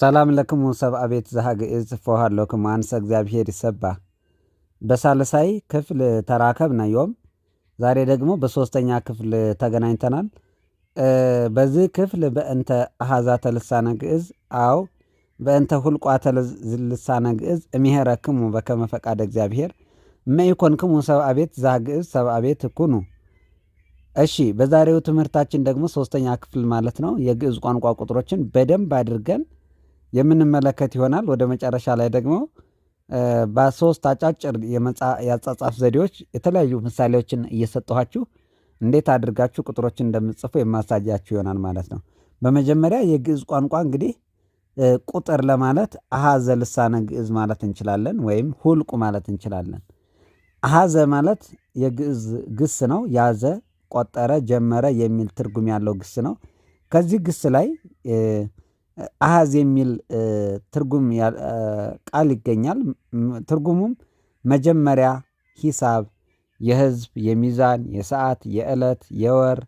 ሰላም ለክሙ ሰብአ ቤት ዘሃግእዝ ፈውሃሎክሙ አንሰ እግዚአብሔር ይሰባ በሳልሳይ ክፍል ተራከብነ ዮም። ዛሬ ደግሞ በሶስተኛ ክፍል ተገናኝተናል። በዚህ ክፍል በእንተ አሃዛተ ተልሳነ ግእዝ አው በእንተ ሁልቋ ልሳነ ግእዝ እምሄረ ክሙ በከመ ፈቃደ እግዚአብሔር ክሙ ሰብአ ቤት ዘሃግእዝ ሰብአ ቤት ኩኑ። እሺ በዛሬው ትምህርታችን ደግሞ ሶስተኛ ክፍል ማለት ነው የግእዝ ቋንቋ ቁጥሮችን በደንብ አድርገን የምንመለከት ይሆናል። ወደ መጨረሻ ላይ ደግሞ በሶስት አጫጭር የአጻጻፍ ዘዴዎች የተለያዩ ምሳሌዎችን እየሰጠኋችሁ እንዴት አድርጋችሁ ቁጥሮችን እንደምትጽፉ የማሳያችሁ ይሆናል ማለት ነው። በመጀመሪያ የግዕዝ ቋንቋ እንግዲህ ቁጥር ለማለት አሃዘ ልሳነ ግዕዝ ማለት እንችላለን፣ ወይም ሁልቁ ማለት እንችላለን። አሃዘ ማለት የግዕዝ ግስ ነው። ያዘ፣ ቆጠረ፣ ጀመረ የሚል ትርጉም ያለው ግስ ነው። ከዚህ ግስ ላይ አሃዝ የሚል ትርጉም ቃል ይገኛል። ትርጉሙም መጀመሪያ ሂሳብ የህዝብ የሚዛን የሰዓት የእለት የወር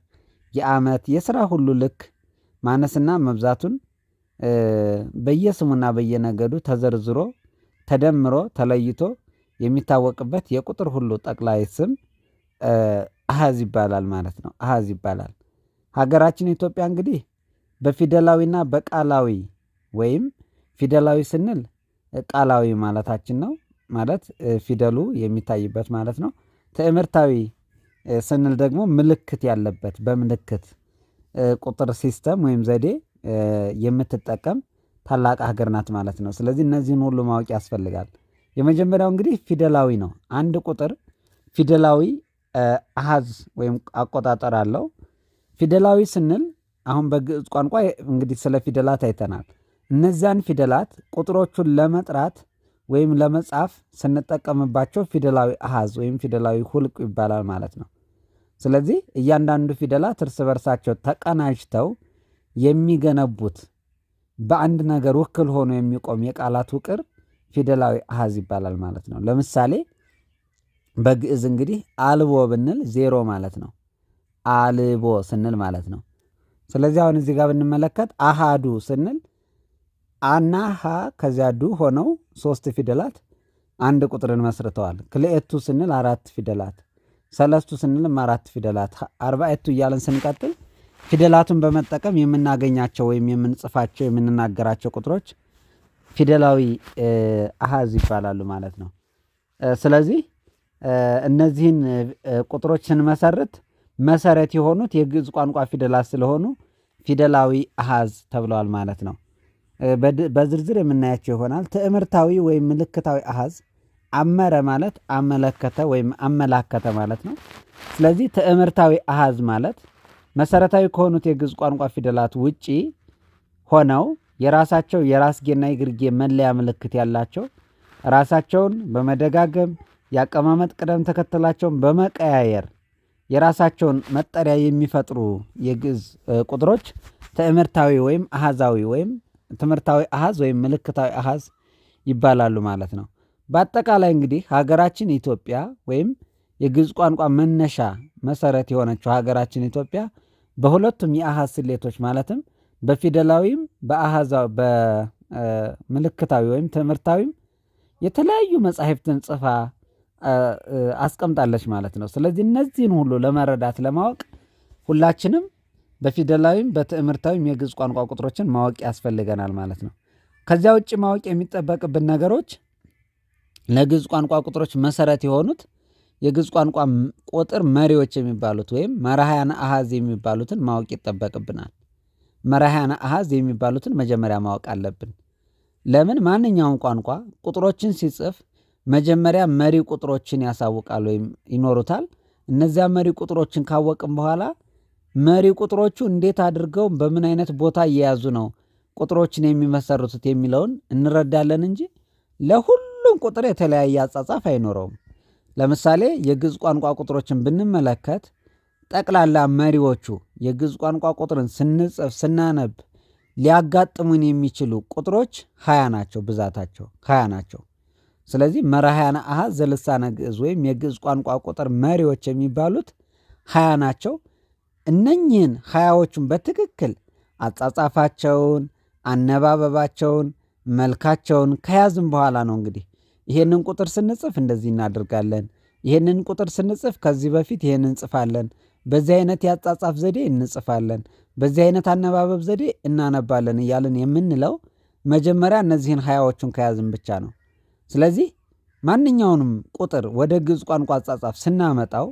የአመት የስራ ሁሉ ልክ ማነስና መብዛቱን በየስሙና በየነገዱ ተዘርዝሮ ተደምሮ ተለይቶ የሚታወቅበት የቁጥር ሁሉ ጠቅላይ ስም አሃዝ ይባላል ማለት ነው። አሃዝ ይባላል። ሀገራችን ኢትዮጵያ እንግዲህ በፊደላዊና በቃላዊ ወይም ፊደላዊ ስንል ቃላዊ ማለታችን ነው ማለት ፊደሉ የሚታይበት ማለት ነው። ትምህርታዊ ስንል ደግሞ ምልክት ያለበት በምልክት ቁጥር ሲስተም ወይም ዘዴ የምትጠቀም ታላቅ ሀገር ናት ማለት ነው። ስለዚህ እነዚህን ሁሉ ማወቅ ያስፈልጋል። የመጀመሪያው እንግዲህ ፊደላዊ ነው። አንድ ቁጥር ፊደላዊ አሃዝ ወይም አቆጣጠር አለው። ፊደላዊ ስንል አሁን በግዕዝ ቋንቋ እንግዲህ ስለ ፊደላት አይተናል። እነዚያን ፊደላት ቁጥሮቹን ለመጥራት ወይም ለመጻፍ ስንጠቀምባቸው ፊደላዊ አሃዝ ወይም ፊደላዊ ሁልቅ ይባላል ማለት ነው። ስለዚህ እያንዳንዱ ፊደላት እርስ በርሳቸው ተቀናጅተው የሚገነቡት በአንድ ነገር ውክል ሆኖ የሚቆም የቃላት ውቅር ፊደላዊ አሃዝ ይባላል ማለት ነው። ለምሳሌ በግዕዝ እንግዲህ አልቦ ብንል ዜሮ ማለት ነው። አልቦ ስንል ማለት ነው። ስለዚህ አሁን እዚህ ጋር ብንመለከት አሃዱ ስንል አና ሀ ከዚያ ዱ ሆነው ሶስት ፊደላት አንድ ቁጥርን መስርተዋል። ክልኤቱ ስንል አራት ፊደላት፣ ሰለስቱ ስንልም አራት ፊደላት፣ አርባኤቱ እያለን ስንቀጥል ፊደላቱን በመጠቀም የምናገኛቸው ወይም የምንጽፋቸው የምንናገራቸው ቁጥሮች ፊደላዊ አሃዝ ይባላሉ ማለት ነው። ስለዚህ እነዚህን ቁጥሮች ስንመሰርት መሰረት የሆኑት የግዕዝ ቋንቋ ፊደላት ስለሆኑ ፊደላዊ አሃዝ ተብለዋል ማለት ነው። በዝርዝር የምናያቸው ይሆናል። ትዕምርታዊ ወይም ምልክታዊ አሃዝ አመረ ማለት አመለከተ ወይም አመላከተ ማለት ነው። ስለዚህ ትዕምርታዊ አሃዝ ማለት መሰረታዊ ከሆኑት የግዕዝ ቋንቋ ፊደላት ውጪ ሆነው የራሳቸው የራስጌና የግርጌ መለያ ምልክት ያላቸው ራሳቸውን በመደጋገም የአቀማመጥ ቅደም ተከተላቸውን በመቀያየር የራሳቸውን መጠሪያ የሚፈጥሩ የግዕዝ ቁጥሮች ትምህርታዊ ወይም አሃዛዊ ወይም ትምህርታዊ አሃዝ ወይም ምልክታዊ አሃዝ ይባላሉ ማለት ነው። በአጠቃላይ እንግዲህ ሀገራችን ኢትዮጵያ ወይም የግዕዝ ቋንቋ መነሻ መሰረት የሆነችው ሀገራችን ኢትዮጵያ በሁለቱም የአሃዝ ስሌቶች ማለትም በፊደላዊም በምልክታዊ ወይም ትምህርታዊም የተለያዩ መጻሕፍትን ጽፋ አስቀምጣለች ማለት ነው። ስለዚህ እነዚህን ሁሉ ለመረዳት ለማወቅ ሁላችንም በፊደላዊም በትምህርታዊም የግዕዝ ቋንቋ ቁጥሮችን ማወቅ ያስፈልገናል ማለት ነው። ከዚያ ውጭ ማወቅ የሚጠበቅብን ነገሮች ለግዕዝ ቋንቋ ቁጥሮች መሰረት የሆኑት የግዕዝ ቋንቋ ቁጥር መሪዎች የሚባሉት ወይም መራሕያነ አሃዝ የሚባሉትን ማወቅ ይጠበቅብናል። መራሕያነ አሃዝ የሚባሉትን መጀመሪያ ማወቅ አለብን። ለምን ማንኛውም ቋንቋ ቁጥሮችን ሲጽፍ መጀመሪያ መሪ ቁጥሮችን ያሳውቃል ወይም ይኖሩታል። እነዚያ መሪ ቁጥሮችን ካወቅም በኋላ መሪ ቁጥሮቹ እንዴት አድርገው በምን አይነት ቦታ እየያዙ ነው ቁጥሮችን የሚመሰርቱት የሚለውን እንረዳለን እንጂ ለሁሉም ቁጥር የተለያየ አጻጻፍ አይኖረውም። ለምሳሌ የግዕዝ ቋንቋ ቁጥሮችን ብንመለከት ጠቅላላ መሪዎቹ የግዕዝ ቋንቋ ቁጥርን ስንጽፍ ስናነብ ሊያጋጥሙን የሚችሉ ቁጥሮች ሀያ ናቸው። ብዛታቸው ሀያ ናቸው። ስለዚህ መራሕያነ አሃዝ ዘልሳነ ግዕዝ ወይም የግዕዝ ቋንቋ ቁጥር መሪዎች የሚባሉት ሀያ ናቸው። እነኝህን ሀያዎቹን በትክክል አጻጻፋቸውን፣ አነባበባቸውን፣ መልካቸውን ከያዝም በኋላ ነው እንግዲህ ይሄንን ቁጥር ስንጽፍ እንደዚህ እናደርጋለን፣ ይሄንን ቁጥር ስንጽፍ ከዚህ በፊት ይሄን እንጽፋለን፣ በዚህ አይነት የአጻጻፍ ዘዴ እንጽፋለን፣ በዚህ አይነት አነባበብ ዘዴ እናነባለን እያለን የምንለው መጀመሪያ እነዚህን ሀያዎቹን ከያዝም ብቻ ነው። ስለዚህ ማንኛውንም ቁጥር ወደ ግዕዝ ቋንቋ አጻጻፍ ስናመጣው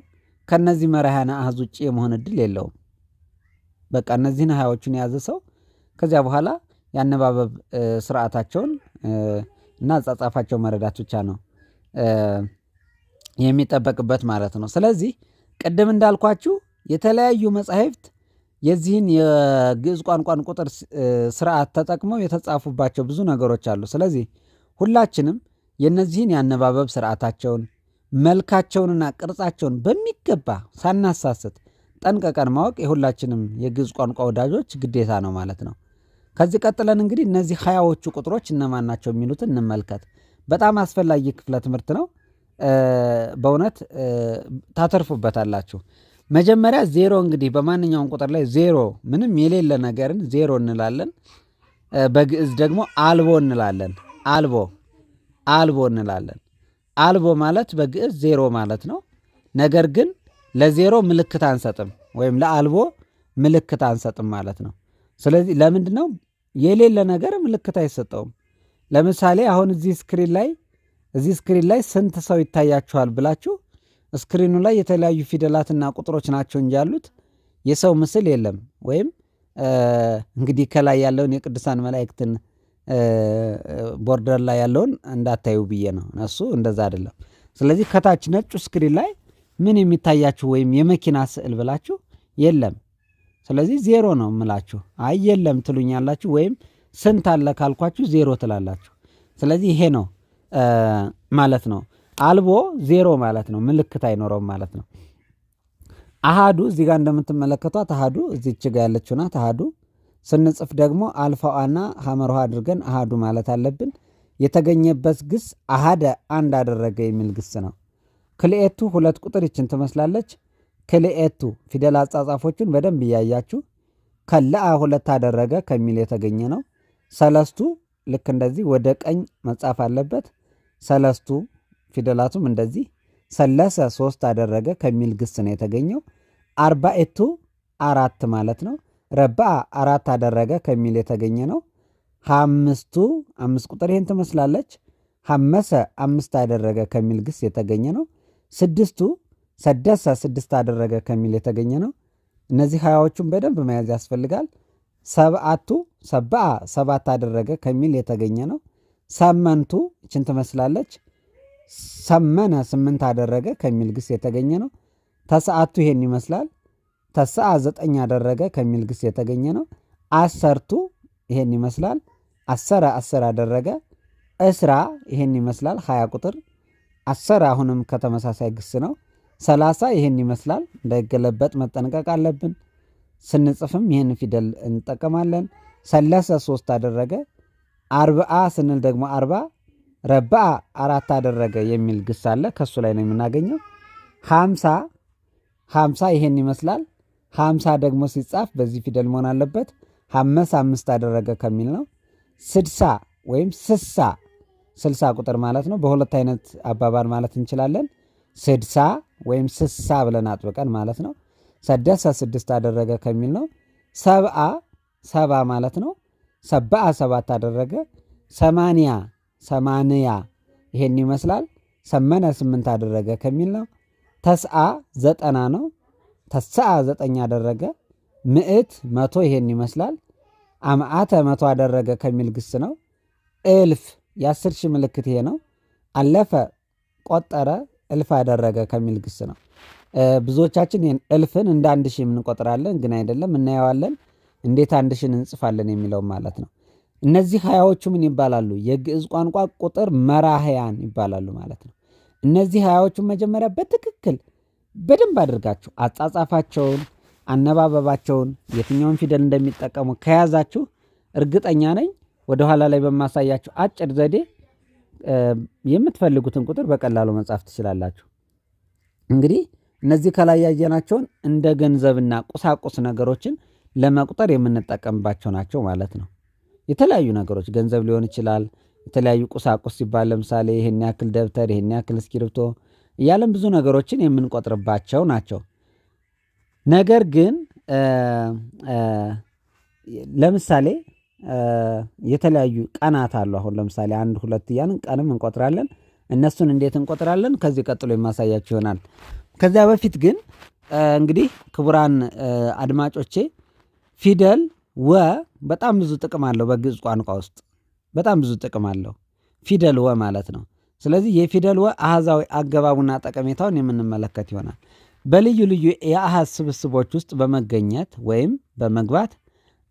ከነዚህ መራሕያነ አሃዝ ውጭ የመሆን እድል የለውም። በቃ እነዚህን ሀያዎቹን የያዘ ሰው ከዚያ በኋላ የአነባበብ ስርዓታቸውን እና አጻጻፋቸው መረዳት ብቻ ነው የሚጠበቅበት ማለት ነው። ስለዚህ ቅድም እንዳልኳችሁ የተለያዩ መጻሕፍት የዚህን የግዕዝ ቋንቋን ቁጥር ስርዓት ተጠቅመው የተጻፉባቸው ብዙ ነገሮች አሉ። ስለዚህ ሁላችንም የእነዚህን የአነባበብ ስርዓታቸውን መልካቸውንና ቅርጻቸውን በሚገባ ሳናሳስት ጠንቀቀን ማወቅ የሁላችንም የግዕዝ ቋንቋ ወዳጆች ግዴታ ነው ማለት ነው። ከዚህ ቀጥለን እንግዲህ እነዚህ ሀያዎቹ ቁጥሮች እነማን ናቸው የሚሉትን እንመልከት። በጣም አስፈላጊ ክፍለ ትምህርት ነው። በእውነት ታተርፉበታላችሁ። መጀመሪያ ዜሮ እንግዲህ በማንኛውም ቁጥር ላይ ዜሮ ምንም የሌለ ነገርን ዜሮ እንላለን። በግዕዝ ደግሞ አልቦ እንላለን። አልቦ አልቦ እንላለን። አልቦ ማለት በግዕዝ ዜሮ ማለት ነው። ነገር ግን ለዜሮ ምልክት አንሰጥም ወይም ለአልቦ ምልክት አንሰጥም ማለት ነው። ስለዚህ ለምንድ ነው የሌለ ነገር ምልክት አይሰጠውም? ለምሳሌ አሁን እዚህ ስክሪን ላይ እዚህ ስክሪን ላይ ስንት ሰው ይታያችኋል ብላችሁ ስክሪኑ ላይ የተለያዩ ፊደላትና ቁጥሮች ናቸው እንጂ ያሉት የሰው ምስል የለም። ወይም እንግዲህ ከላይ ያለውን የቅዱሳን መላእክትን ቦርደር ላይ ያለውን እንዳታዩ ብዬ ነው እነሱ እንደዛ አይደለም። ስለዚህ ከታች ነጩ ስክሪን ላይ ምን የሚታያችሁ ወይም የመኪና ስዕል ብላችሁ የለም። ስለዚህ ዜሮ ነው የምላችሁ። አይ የለም ትሉኛላችሁ ወይም ስንት አለ ካልኳችሁ ዜሮ ትላላችሁ። ስለዚህ ይሄ ነው ማለት ነው። አልቦ ዜሮ ማለት ነው። ምልክት አይኖረውም ማለት ነው። አሃዱ እዚህ ጋር እንደምትመለከቷት አሃዱ እዚች ጋ ያለችው ናት። አሃዱ ስንጽፍ ደግሞ አልፋዋና ሀመርሃ አድርገን አሃዱ ማለት አለብን። የተገኘበት ግስ አሃደ አንድ አደረገ የሚል ግስ ነው። ክልኤቱ ሁለት ቁጥር ይችን ትመስላለች። ክልኤቱ ፊደል አጻጻፎቹን በደንብ እያያችሁ ከለአ ሁለት አደረገ ከሚል የተገኘ ነው። ሰለስቱ ልክ እንደዚህ ወደ ቀኝ መጻፍ አለበት። ሰለስቱ ፊደላቱም እንደዚህ ሰለሰ ሶስት አደረገ ከሚል ግስ ነው የተገኘው። አርባኤቱ አራት ማለት ነው። ረባ አራት አደረገ ከሚል የተገኘ ነው። ሀአምስቱ አምስት ቁጥር ይህን ትመስላለች። ሀመሰ አምስት አደረገ ከሚል ግስ የተገኘ ነው። ስድስቱ ሰደሰ ስድስት አደረገ ከሚል የተገኘ ነው። እነዚህ ሀያዎቹን በደንብ መያዝ ያስፈልጋል። ሰብአቱ ሰብአ ሰባት አደረገ ከሚል የተገኘ ነው። ሰመንቱ ይችን ትመስላለች። ሰመነ ስምንት አደረገ ከሚል ግስ የተገኘ ነው። ተሰዓቱ ይሄን ይመስላል። ተስአ ዘጠኝ አደረገ ከሚል ግስ የተገኘ ነው። አሰርቱ ይሄን ይመስላል። አሰረ አስር አደረገ። እስራ ይሄን ይመስላል። ሀያ ቁጥር አሰረ አሁንም ከተመሳሳይ ግስ ነው። ሰላሳ ይሄን ይመስላል። እንዳይገለበጥ መጠንቀቅ አለብን። ስንጽፍም ይህን ፊደል እንጠቀማለን። ሰለሰ ሶስት አደረገ። አርብአ ስንል ደግሞ አርባ ረብአ አራት አደረገ የሚል ግስ አለ። ከሱ ላይ ነው የምናገኘው። ሀምሳ ሀምሳ ይሄን ይመስላል። ሀምሳ ደግሞ ሲጻፍ በዚህ ፊደል መሆን አለበት። ሀመስ አምስት አደረገ ከሚል ነው። ስድሳ ወይም ስሳ ስልሳ ቁጥር ማለት ነው። በሁለት አይነት አባባል ማለት እንችላለን። ስድሳ ወይም ስሳ ብለን አጥብቀን ማለት ነው። ሰደሰ ስድስት አደረገ ከሚል ነው። ሰብአ ሰባ ማለት ነው። ሰበአ ሰባት አደረገ። ሰማንያ ሰማንያ ይሄን ይመስላል። ሰመነ ስምንት አደረገ ከሚል ነው። ተስአ ዘጠና ነው። ተስዓ ዘጠኝ አደረገ። ምእት መቶ ይሄን ይመስላል። አምአተ መቶ አደረገ ከሚል ግስ ነው። እልፍ የአስር ሺህ ምልክት ይሄ ነው። አለፈ ቆጠረ፣ እልፍ አደረገ ከሚል ግስ ነው። ብዙዎቻችን ይህን እልፍን እንደ አንድ ሺህ የምንቆጥራለን፣ ግን አይደለም። እናየዋለን እንዴት አንድ ሺህን እንጽፋለን የሚለው ማለት ነው። እነዚህ ሀያዎቹ ምን ይባላሉ? የግዕዝ ቋንቋ ቁጥር መራህያን ይባላሉ ማለት ነው። እነዚህ ሀያዎቹን መጀመሪያ በትክክል በደንብ አድርጋችሁ አጻጻፋቸውን፣ አነባበባቸውን፣ የትኛውን ፊደል እንደሚጠቀሙ ከያዛችሁ እርግጠኛ ነኝ ወደኋላ ላይ በማሳያችሁ አጭር ዘዴ የምትፈልጉትን ቁጥር በቀላሉ መጻፍ ትችላላችሁ። እንግዲህ እነዚህ ከላይ ያየናቸውን እንደ ገንዘብና ቁሳቁስ ነገሮችን ለመቁጠር የምንጠቀምባቸው ናቸው ማለት ነው። የተለያዩ ነገሮች ገንዘብ ሊሆን ይችላል። የተለያዩ ቁሳቁስ ሲባል ለምሳሌ ይህን ያክል ደብተር፣ ይህን ያክል እስክሪብቶ እያለን ብዙ ነገሮችን የምንቆጥርባቸው ናቸው። ነገር ግን ለምሳሌ የተለያዩ ቀናት አሉ። አሁን ለምሳሌ አንድ ሁለት እያልን ቀንም እንቆጥራለን። እነሱን እንዴት እንቆጥራለን? ከዚህ ቀጥሎ የማሳያቸው ይሆናል። ከዚያ በፊት ግን እንግዲህ ክቡራን አድማጮቼ ፊደል ወ በጣም ብዙ ጥቅም አለው። በግዕዝ ቋንቋ ውስጥ በጣም ብዙ ጥቅም አለው ፊደል ወ ማለት ነው። ስለዚህ የፊደል ወ አሃዛዊ አገባቡና ጠቀሜታውን የምንመለከት ይሆናል። በልዩ ልዩ የአሃዝ ስብስቦች ውስጥ በመገኘት ወይም በመግባት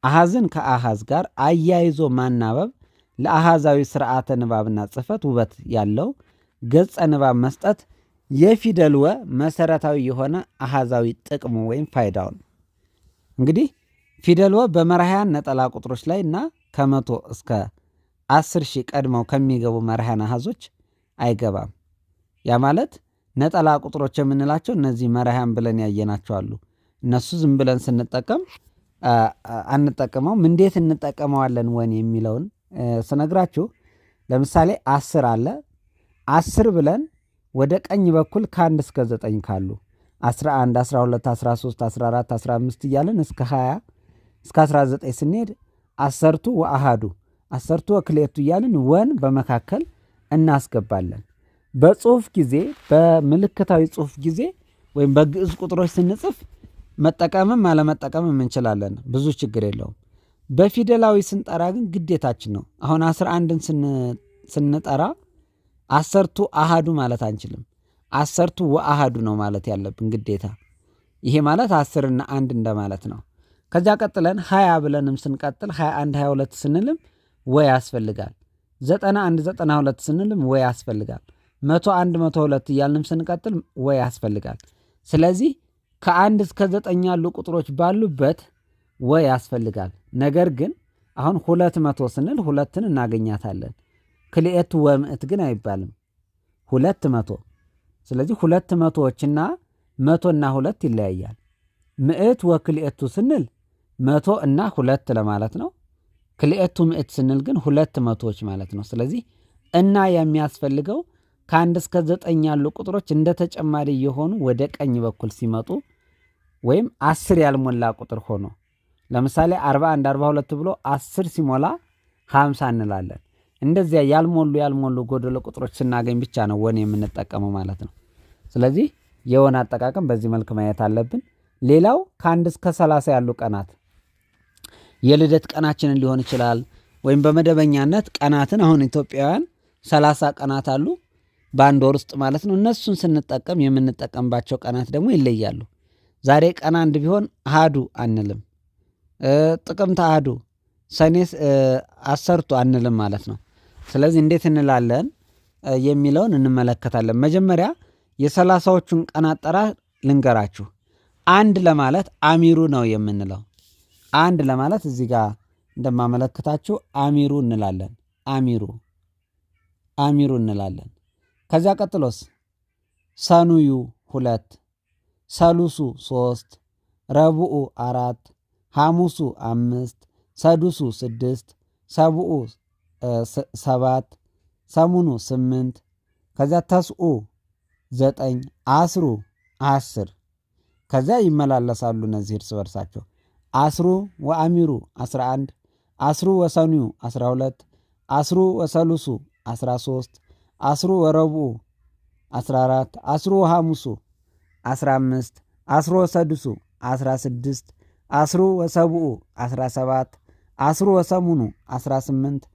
አሃዝን ከአሃዝ ጋር አያይዞ ማናበብ ለአሃዛዊ ስርዓተ ንባብና ጽፈት ውበት ያለው ገጸ ንባብ መስጠት የፊደል ወ መሰረታዊ የሆነ አሃዛዊ ጥቅሙ ወይም ፋይዳው ነው። እንግዲህ ፊደል ወ በመርሃያን ነጠላ ቁጥሮች ላይ እና ከመቶ እስከ አስር ሺህ ቀድመው ከሚገቡ መርሃያን አሃዞች አይገባም። ያ ማለት ነጠላ ቁጥሮች የምንላቸው እነዚህ መራህያን ብለን ያየናቸው አሉ። እነሱ ዝም ብለን ስንጠቀም አንጠቀመውም። እንዴት እንጠቀመዋለን ወን የሚለውን ስነግራችሁ ለምሳሌ አስር አለ። አስር ብለን ወደ ቀኝ በኩል ከአንድ እስከ ዘጠኝ ካሉ 11፣ 12፣ 13፣ 14፣ 15 እያለን እስከ 20 እስከ 19 ስንሄድ አሰርቱ ወአሃዱ አሰርቱ ወክሌቱ እያልን ወን በመካከል እናስገባለን። በጽሁፍ ጊዜ በምልክታዊ ጽሁፍ ጊዜ ወይም በግዕዝ ቁጥሮች ስንጽፍ መጠቀምም አለመጠቀምም እንችላለን። ብዙ ችግር የለውም። በፊደላዊ ስንጠራ ግን ግዴታችን ነው። አሁን አስራ አንድን ስንጠራ አሰርቱ አሃዱ ማለት አንችልም። አሰርቱ ወአሃዱ ነው ማለት ያለብን ግዴታ። ይሄ ማለት አስርና አንድ እንደማለት ነው። ከዚያ ቀጥለን ሀያ ብለንም ስንቀጥል ሀያ አንድ ሀያ ሁለት ስንልም ወይ ያስፈልጋል። ዘጠና አንድ ዘጠና ሁለት ስንልም ወይ ያስፈልጋል። መቶ አንድ መቶ ሁለት እያልንም ስንቀጥል ወይ ያስፈልጋል። ስለዚህ ከአንድ እስከ ዘጠኝ ያሉ ቁጥሮች ባሉበት ወይ ያስፈልጋል። ነገር ግን አሁን ሁለት መቶ ስንል ሁለትን እናገኛታለን። ክልኤቱ ወምዕት ግን አይባልም ሁለት መቶ። ስለዚህ ሁለት መቶዎችና መቶና ሁለት ይለያያል። ምዕት ወክልኤቱ ስንል መቶ እና ሁለት ለማለት ነው። ክልኤቱ ምእት ስንል ግን ሁለት መቶዎች ማለት ነው። ስለዚህ እና የሚያስፈልገው ከአንድ እስከ ዘጠኝ ያሉ ቁጥሮች እንደ ተጨማሪ የሆኑ ወደ ቀኝ በኩል ሲመጡ ወይም አስር ያልሞላ ቁጥር ሆኖ ለምሳሌ 41 4ርባ2 ብሎ አስር ሲሞላ ሀምሳ እንላለን። እንደዚያ ያልሞሉ ያልሞሉ ጎደሎ ቁጥሮች ስናገኝ ብቻ ነው ወን የምንጠቀመው ማለት ነው። ስለዚህ የወን አጠቃቀም በዚህ መልክ ማየት አለብን። ሌላው ከአንድ እስከ ሰላሳ ያሉ ቀናት የልደት ቀናችንን ሊሆን ይችላል። ወይም በመደበኛነት ቀናትን አሁን ኢትዮጵያውያን ሰላሳ ቀናት አሉ በአንድ ወር ውስጥ ማለት ነው። እነሱን ስንጠቀም የምንጠቀምባቸው ቀናት ደግሞ ይለያሉ። ዛሬ ቀን አንድ ቢሆን አህዱ አንልም፣ ጥቅምት አህዱ፣ ሰኔ አሰርቱ አንልም ማለት ነው። ስለዚህ እንዴት እንላለን የሚለውን እንመለከታለን። መጀመሪያ የሰላሳዎቹን ቀን አጠራር ልንገራችሁ። አንድ ለማለት አሚሩ ነው የምንለው አንድ ለማለት እዚህ ጋር እንደማመለክታችሁ አሚሩ እንላለን። አሚሩ አሚሩ እንላለን። ከዚያ ቀጥሎስ ሰኑዩ ሁለት፣ ሰሉሱ ሶስት፣ ረቡኡ አራት፣ ሐሙሱ አምስት፣ ሰዱሱ ስድስት፣ ሰብኡ ሰባት፣ ሰሙኑ ስምንት፣ ከዚያ ተስኡ ዘጠኝ፣ አስሩ አስር። ከዚያ ይመላለሳሉ እነዚህ እርስ በርሳቸው። አስሩ ወአሚሩ 11 አስሩ ወሰኒዩ 12 አስሩ ወሰሉሱ 13 አስሩ ወረብኡ 14 አስሩ ወሐሙሱ 15 አስሩ ወሰድሱ 16 አስሩ ወሰብኡ 17 አስሩ ወሰሙኑ 18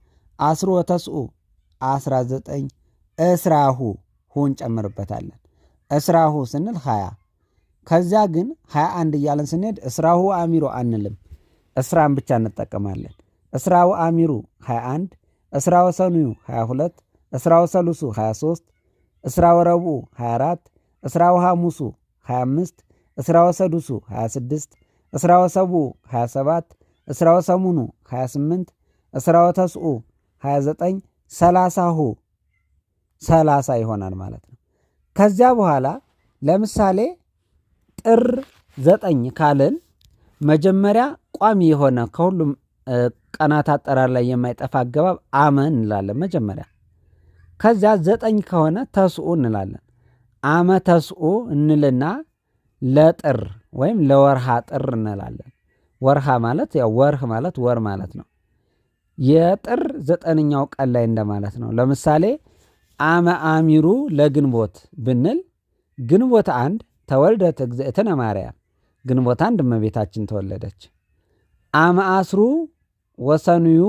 አስሩ ወተስኡ 19 እስራሁ ሁን ጨምርበታለን። እስራሁ ስንል 20 ከዚያ ግን 21 እያለን ስንሄድ እስራሁ አሚሩ አንልም፣ እስራን ብቻ እንጠቀማለን። እስራው አሚሩ 21፣ እስራው ሰኑዩ 22፣ እስራው ሰሉሱ 23፣ እስራው ረቡኡ 24፣ እስራው ሐሙሱ 25፣ እስራው ሰዱሱ 26፣ እስራው ሰቡኡ 27፣ እስራው ሰሙኑ 28፣ እስራው ተስኡ 29፣ ሰላሳሁ ሰላሳ ይሆናል ማለት ነው። ከዚያ በኋላ ለምሳሌ ጥር ዘጠኝ ካልን መጀመሪያ ቋሚ የሆነ ከሁሉም ቀናት አጠራር ላይ የማይጠፋ አገባብ አመ እንላለን መጀመሪያ። ከዚያ ዘጠኝ ከሆነ ተስኡ እንላለን። አመ ተስኡ እንልና ለጥር ወይም ለወርሃ ጥር እንላለን። ወርሃ ማለት ያው ወርህ ማለት ወር ማለት ነው። የጥር ዘጠነኛው ቀን ላይ እንደማለት ነው። ለምሳሌ አመ አሚሩ ለግንቦት ብንል ግንቦት አንድ ተወልደት እግዝእትነ ማርያም ግንቦት አንድ እመቤታችን ተወለደች። አምአስሩ ወሰኑዩ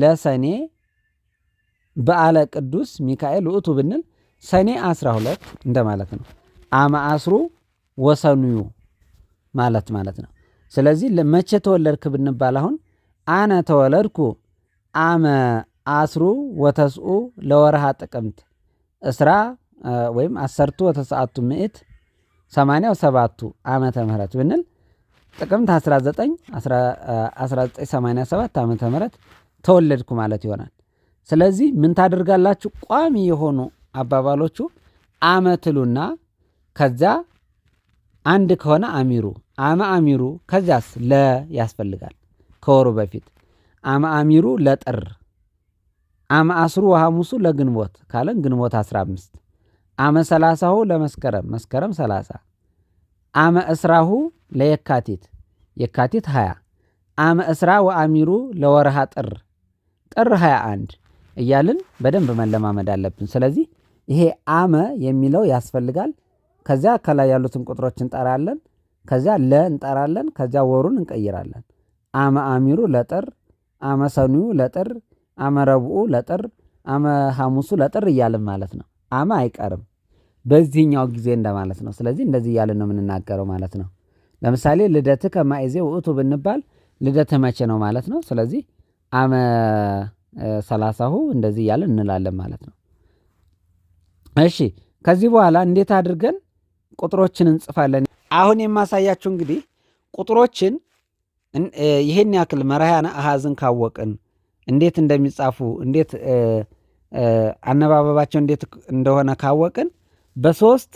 ለሰኔ በዓለ ቅዱስ ሚካኤል ውእቱ ብንል ሰኔ 12 እንደማለት ነው። አመአስሩ ወሰኑዩ ማለት ማለት ነው። ስለዚህ መቼ ተወለድክ ብንባል አሁን አነ ተወለድኩ አመ አስሩ ወተስኡ ለወርሃ ጥቅምት እስራ ወይም አሰርቱ ወተስዓቱ ምእት ሰማንያው ሰባቱ ዓመተ ምህረት ብንል ጥቅምት 19 1987 ዓመተ ምህረት ተወለድኩ ማለት ይሆናል። ስለዚህ ምን ታደርጋላችሁ? ቋሚ የሆኑ አባባሎቹ አመትሉና ከዚያ አንድ ከሆነ አሚሩ አመ አሚሩ ከዚያስ ለ ያስፈልጋል። ከወሩ በፊት አመ አሚሩ ለጥር አመ አስሩ ወሐሙሱ ለግንቦት ካለን ግንቦት 15 አመ ሰላሳሁ ለመስከረም መስከረም 30 አመ እስራሁ ለየካቲት የካቲት 20 አመ እስራ ወአሚሩ ለወርሃ ጥር ጥር 21 እያልን በደንብ መለማመድ አለብን። ስለዚህ ይሄ አመ የሚለው ያስፈልጋል። ከዚያ ከላይ ያሉትን ቁጥሮች እንጠራለን። ከዚያ ለ እንጠራለን። ከዚያ ወሩን እንቀይራለን። አመ አሚሩ ለጥር፣ አመ ሰኑዩ ለጥር፣ አመ ረብኡ ለጥር፣ አመ ሐሙሱ ለጥር እያልን ማለት ነው። አመ አይቀርም። በዚህኛው ጊዜ እንደማለት ነው። ስለዚህ እንደዚህ እያለ ነው የምንናገረው ማለት ነው። ለምሳሌ ልደት ማእዜ ውእቱ ብንባል ልደት መቼ ነው ማለት ነው። ስለዚህ አመ ሰላሳሁ እንደዚህ እያለ እንላለን ማለት ነው። እሺ ከዚህ በኋላ እንዴት አድርገን ቁጥሮችን እንጽፋለን? አሁን የማሳያችሁ እንግዲህ ቁጥሮችን ይህን ያክል መርሃያነ አሃዝን ካወቅን እንዴት እንደሚጻፉ እንዴት አነባበባቸው እንዴት እንደሆነ ካወቅን በሶስት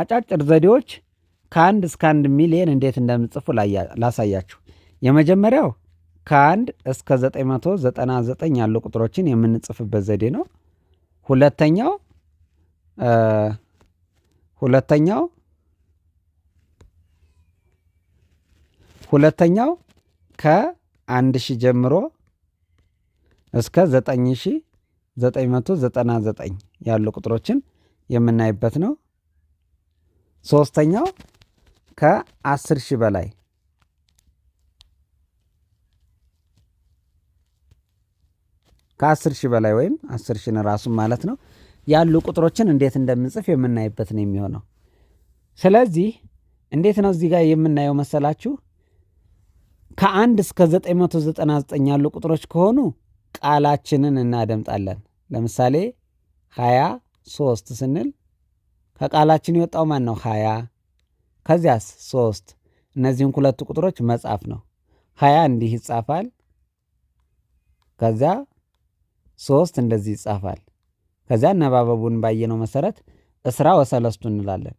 አጫጭር ዘዴዎች ከአንድ እስከ አንድ ሚሊየን እንዴት እንደምጽፉ ላሳያችሁ። የመጀመሪያው ከአንድ እስከ 999 ያሉ ቁጥሮችን የምንጽፍበት ዘዴ ነው። ሁለተኛው ሁለተኛው ሁለተኛው ከአንድ ሺህ ጀምሮ እስከ 9999 ያሉ ቁጥሮችን የምናይበት ነው። ሶስተኛው ከአስር ሺህ በላይ ከአስር ሺህ በላይ ወይም አስር ሺህን ራሱን ማለት ነው ያሉ ቁጥሮችን እንዴት እንደምንጽፍ የምናይበት ነው የሚሆነው። ስለዚህ እንዴት ነው እዚህ ጋር የምናየው መሰላችሁ? ከአንድ እስከ 999 ያሉ ቁጥሮች ከሆኑ ቃላችንን እናደምጣለን። ለምሳሌ 20 ሶስት ስንል ከቃላችን የወጣው ማን ነው? ሀያ ከዚያስ ሶስት እነዚህን ሁለቱ ቁጥሮች መጻፍ ነው። ሀያ እንዲህ ይጻፋል። ከዚያ ሶስት እንደዚህ ይጻፋል። ከዚያ አነባበቡን ባየነው መሰረት እስራ ወሰለስቱ እንላለን።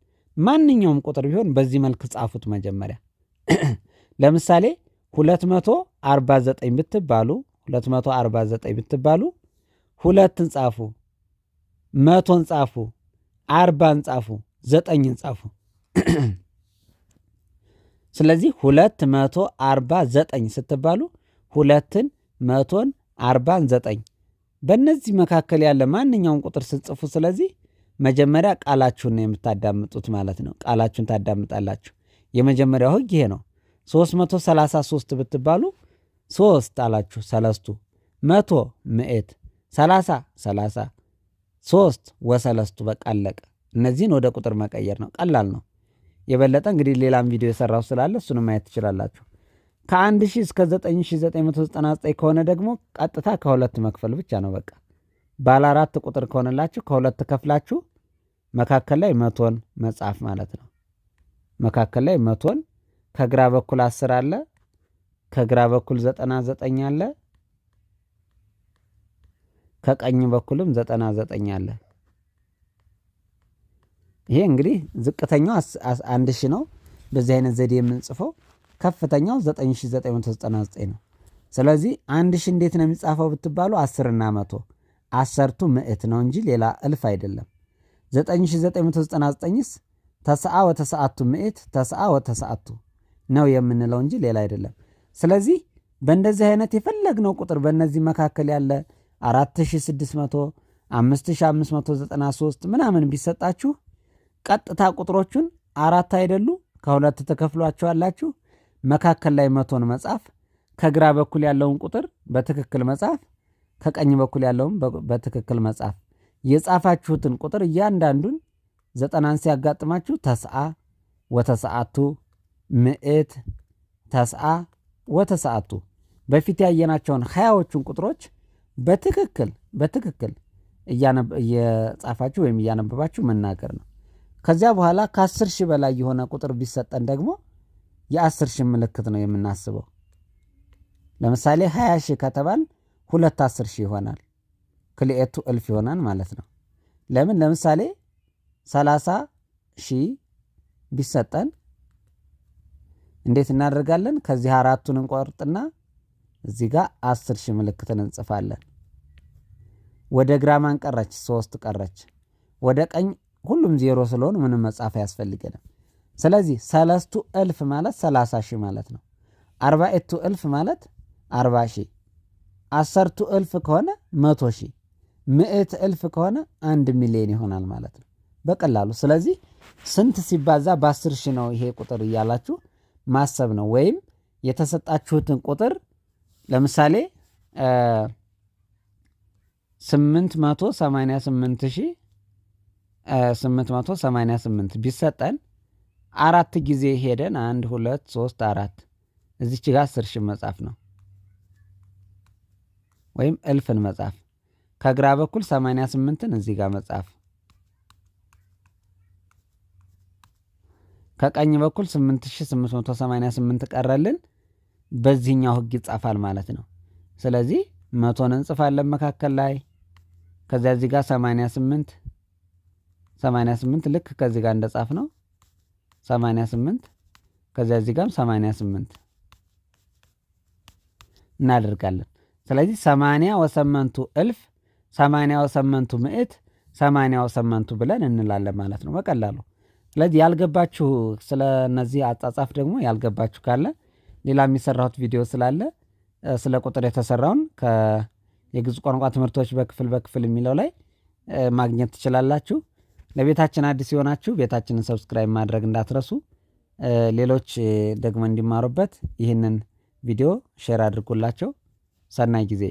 ማንኛውም ቁጥር ቢሆን በዚህ መልክ ጻፉት መጀመሪያ። ለምሳሌ 249 ብትባሉ 249 ብትባሉ ሁለትን ጻፉ። መቶን ጻፉ፣ አርባን ጻፉ፣ ዘጠኝን ጻፉ። ስለዚህ ሁለት መቶ አርባ ዘጠኝ ስትባሉ ሁለትን፣ መቶን፣ አርባን፣ ዘጠኝ በእነዚህ መካከል ያለ ማንኛውም ቁጥር ስትጽፉ ስለዚህ መጀመሪያ ቃላችሁን ነው የምታዳምጡት ማለት ነው። ቃላችሁን ታዳምጣላችሁ። የመጀመሪያው ህግ ይሄ ነው። 333 ብትባሉ ሶስት አላችሁ ሰለስቱ መቶ ምዕት ሰላሳ ሰላሳ ሶስት ወሰለስቱ በቃ አለቀ። እነዚህን ወደ ቁጥር መቀየር ነው፣ ቀላል ነው። የበለጠ እንግዲህ ሌላም ቪዲዮ የሰራው ስላለ እሱንም ማየት ትችላላችሁ። ከ1000 እስከ 9999 ከሆነ ደግሞ ቀጥታ ከሁለት መክፈል ብቻ ነው በቃ። ባለ አራት ቁጥር ከሆነላችሁ ከሁለት ከፍላችሁ መካከል ላይ መቶን መጻፍ ማለት ነው። መካከል ላይ መቶን ከግራ በኩል አስር አለ፣ ከግራ በኩል ዘጠና ዘጠኝ አለ ከቀኝ በኩልም ዘጠና ዘጠኝ አለ። ይሄ እንግዲህ ዝቅተኛው አንድ ነው። በዚህ አይነት ዘዴ የምንጽፈው ከፍተኛው 9999 ነው። ስለዚህ አንድ እንዴት ነው የሚጻፈው ብትባሉ አስርና መቶ አሰርቱ ምእት ነው እንጂ ሌላ እልፍ አይደለም። 9999ስ ተሰአ ወተሰአቱ ምዕት ተሰአ ወተሰአቱ ነው የምንለው እንጂ ሌላ አይደለም። ስለዚህ በእንደዚህ አይነት የፈለግነው ቁጥር በእነዚህ መካከል ያለ አራት ምናምን ቢሰጣችሁ ቀጥታ ቁጥሮቹን አራት አይደሉ ከሁለት ተከፍሏቸዋላችሁ መካከል ላይ መቶን መጻፍ ከግራ በኩል ያለውን ቁጥር በትክክል መጻፍ ከቀኝ በኩል ያለውን በትክክል መጻፍ የጻፋችሁትን ቁጥር እያንዳንዱን ዘጠናን ሲያጋጥማችሁ ተስአ ወተሰአቱ ምዕት ተስአ ወተሰአቱ በፊት ያየናቸውን ሀያዎቹን ቁጥሮች በትክክል በትክክል እየጻፋችሁ ወይም እያነበባችሁ መናገር ነው። ከዚያ በኋላ ከአስር ሺህ በላይ የሆነ ቁጥር ቢሰጠን ደግሞ የአስር ሺህ ምልክት ነው የምናስበው። ለምሳሌ ሀያ ሺህ ከተባል ሁለት አስር ሺህ ይሆናል። ክሊኤቱ እልፍ ይሆናል ማለት ነው። ለምን ለምሳሌ ሰላሳ ሺህ ቢሰጠን እንዴት እናደርጋለን? ከዚህ አራቱን እንቆርጥና እዚህ ጋር አስር ሺህ ምልክትን እንጽፋለን። ወደ ግራ ማን ቀረች? ሶስት ቀረች። ወደ ቀኝ ሁሉም ዜሮ ስለሆኑ ምንም መጻፍ አያስፈልገንም። ስለዚህ ሰለስቱ እልፍ ማለት ሰላሳ ሺህ ማለት ነው። አርባኤቱ እልፍ ማለት አርባ ሺህ፣ አሰርቱ እልፍ ከሆነ መቶ ሺህ፣ ምዕት እልፍ ከሆነ አንድ ሚሊዮን ይሆናል ማለት ነው በቀላሉ። ስለዚህ ስንት ሲባዛ በአስር ሺህ ነው ይሄ ቁጥር እያላችሁ ማሰብ ነው ወይም የተሰጣችሁትን ቁጥር ለምሳሌ 888888 ቢሰጠን አራት ጊዜ ሄደን አንድ ሁለት ሶስት አራት እዚች ጋር አስር መጻፍ ነው ወይም እልፍን መጻፍ ከግራ በኩል 88ን እዚህ ጋር መጻፍ ከቀኝ በኩል 8 ቀረልን። በዚህኛው ህግ ይጻፋል ማለት ነው። ስለዚህ መቶን እንጽፋለን መካከል ላይ ከዚያ እዚህ ጋር 88 88 ልክ ከዚህ ጋ እንደጻፍ ነው 8 ከዚያ እዚህ ጋርም 8 እናደርጋለን። ስለዚህ 80 ወሰመንቱ እልፍ 80 ወሰመንቱ ምእት 80 ወሰመንቱ ብለን እንላለን ማለት ነው በቀላሉ። ስለዚህ ያልገባችሁ ስለነዚህ አጻጻፍ ደግሞ ያልገባችሁ ካለን ሌላ የሚሰራሁት ቪዲዮ ስላለ ስለ ቁጥር የተሰራውን የግዕዝ ቋንቋ ትምህርቶች በክፍል በክፍል የሚለው ላይ ማግኘት ትችላላችሁ። ለቤታችን አዲስ የሆናችሁ ቤታችንን ሰብስክራይብ ማድረግ እንዳትረሱ። ሌሎች ደግሞ እንዲማሩበት ይህንን ቪዲዮ ሼር አድርጉላቸው። ሰናይ ጊዜ